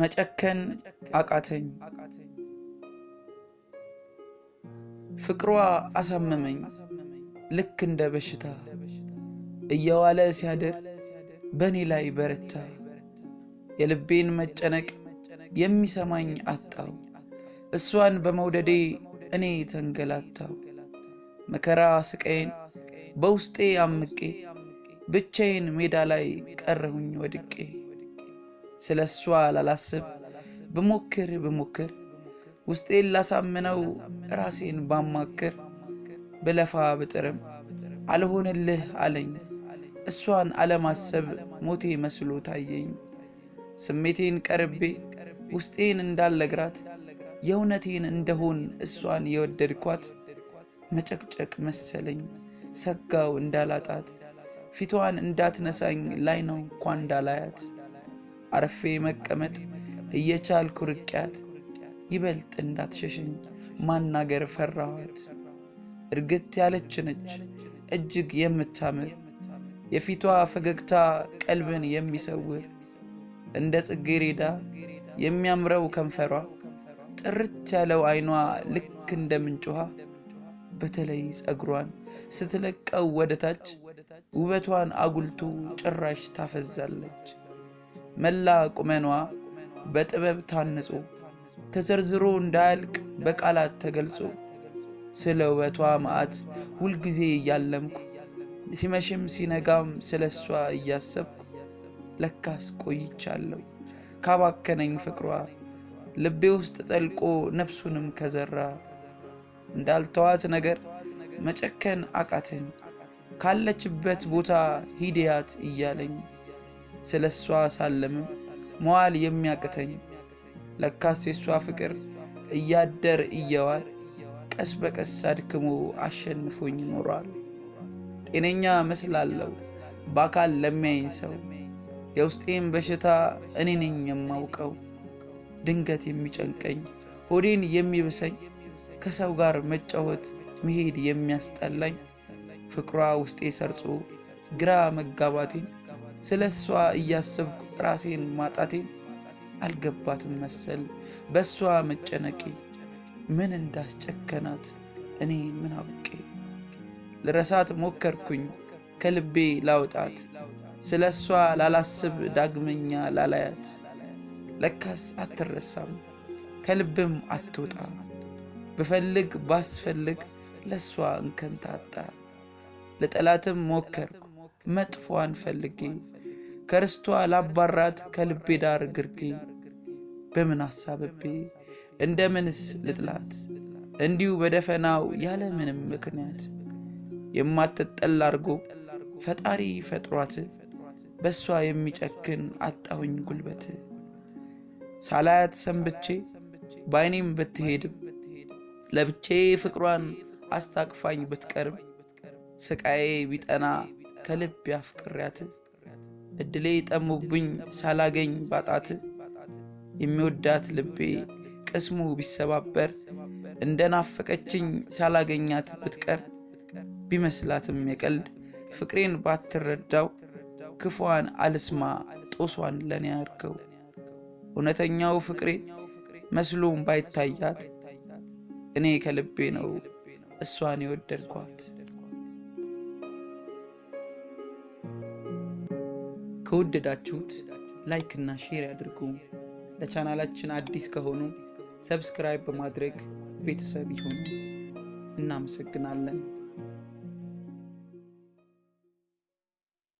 መጨከን አቃተኝ። ፍቅሯ አሳመመኝ ልክ እንደ በሽታ እየዋለ ሲያደር በእኔ ላይ በረታ። የልቤን መጨነቅ የሚሰማኝ አጣው። እሷን በመውደዴ እኔ ተንገላታው። መከራ ስቃዬን በውስጤ አምቄ ብቻዬን ሜዳ ላይ ቀረሁኝ ወድቄ። ስለ እሷ ላላስብ ብሞክር ብሞክር ውስጤን ላሳምነው ራሴን ባማክር ብለፋ ብጥርም አልሆንልህ አለኝ። እሷን አለማሰብ ሞቴ መስሎ ታየኝ። ስሜቴን ቀርቤ ውስጤን እንዳልነግራት የእውነቴን እንደሆን እሷን የወደድኳት መጨቅጨቅ መሰለኝ። ሰጋው እንዳላጣት ፊቷን እንዳትነሳኝ ላይ ነው እንኳ እንዳላያት አርፌ መቀመጥ እየቻልኩ ርቅያት ይበልጥ እንዳትሸሸኝ ማናገር ፈራኋት። እርግት ያለች ነች እጅግ የምታምር የፊቷ ፈገግታ ቀልብን የሚሰውር እንደ ጽጌሬዳ የሚያምረው ከንፈሯ ጥርት ያለው ዓይኗ ልክ እንደ ምንጭ ውሃ በተለይ ጸጉሯን ስትለቀው ወደታች ውበቷን አጉልቶ ጭራሽ ታፈዛለች። መላ ቁመኗ በጥበብ ታንጾ ተዘርዝሮ እንዳያልቅ በቃላት ተገልጾ ስለ ውበቷ መዓት ሁልጊዜ እያለምኩ ሲመሽም ሲነጋም ስለ እሷ እያሰብኩ ለካስ ቆይቻለሁ ካባከነኝ ፍቅሯ ልቤ ውስጥ ጠልቆ ነፍሱንም ከዘራ እንዳልተዋት ነገር መጨከን አቃተኝ ካለችበት ቦታ ሂድያት እያለኝ ስለ እሷ ሳለምም መዋል የሚያቅተኝ ለካስ የእሷ ፍቅር እያደር እየዋል ቀስ በቀስ አድክሞ አሸንፎኝ ኖሯል። ጤነኛ መስላለሁ በአካል ለሚያኝ ሰው የውስጤን በሽታ እኔ ነኝ የማውቀው። ድንገት የሚጨንቀኝ ሆዴን የሚብሰኝ ከሰው ጋር መጫወት መሄድ የሚያስጠላኝ ፍቅሯ ውስጤ ሰርጾ ግራ መጋባቴን ስለ እሷ እያሰብኩ ራሴን ማጣቴን አልገባትም መሰል በእሷ መጨነቄ ምን እንዳስጨከናት እኔ ምን አውቄ። ልረሳት ሞከርኩኝ ከልቤ ላውጣት ስለ እሷ ላላስብ ዳግመኛ ላላያት ለካስ አትረሳም ከልብም አትወጣ ብፈልግ ባስፈልግ ለእሷ እንከንታጣ ለጠላትም ሞከርኩ መጥፎዋን ፈልጌ ከርስቷ ላባራት ከልቤ ዳር ግርጌ በምን አሳብቤ እንደምንስ ልጥላት እንዲሁ በደፈናው ያለ ምንም ምክንያት የማትጠል አርጎ ፈጣሪ ፈጥሯት በእሷ የሚጨክን አጣሁኝ ጉልበት ሳላያት ሰንብቼ በአይኔም ብትሄድም ለብቼ ፍቅሯን አስታቅፋኝ ብትቀርብ ስቃዬ ቢጠና ከልብ ያፍቅሪያት እድሌ ጠሙብኝ ሳላገኝ ባጣት የሚወዳት ልቤ ቅስሙ ቢሰባበር እንደ ሳላገኛት ብትቀር ቢመስላትም የቀልድ ፍቅሬን ባትረዳው ክፏን አልስማ ጦሷን ለኔ ያርከው እውነተኛው ፍቅሬ መስሎም ባይታያት እኔ ከልቤ ነው እሷን የወደድኳት። ከወደዳችሁት ላይክ እና ሼር ያድርጉ። ለቻናላችን አዲስ ከሆኑ ሰብስክራይብ በማድረግ ቤተሰብ ይሁኑ። እናመሰግናለን።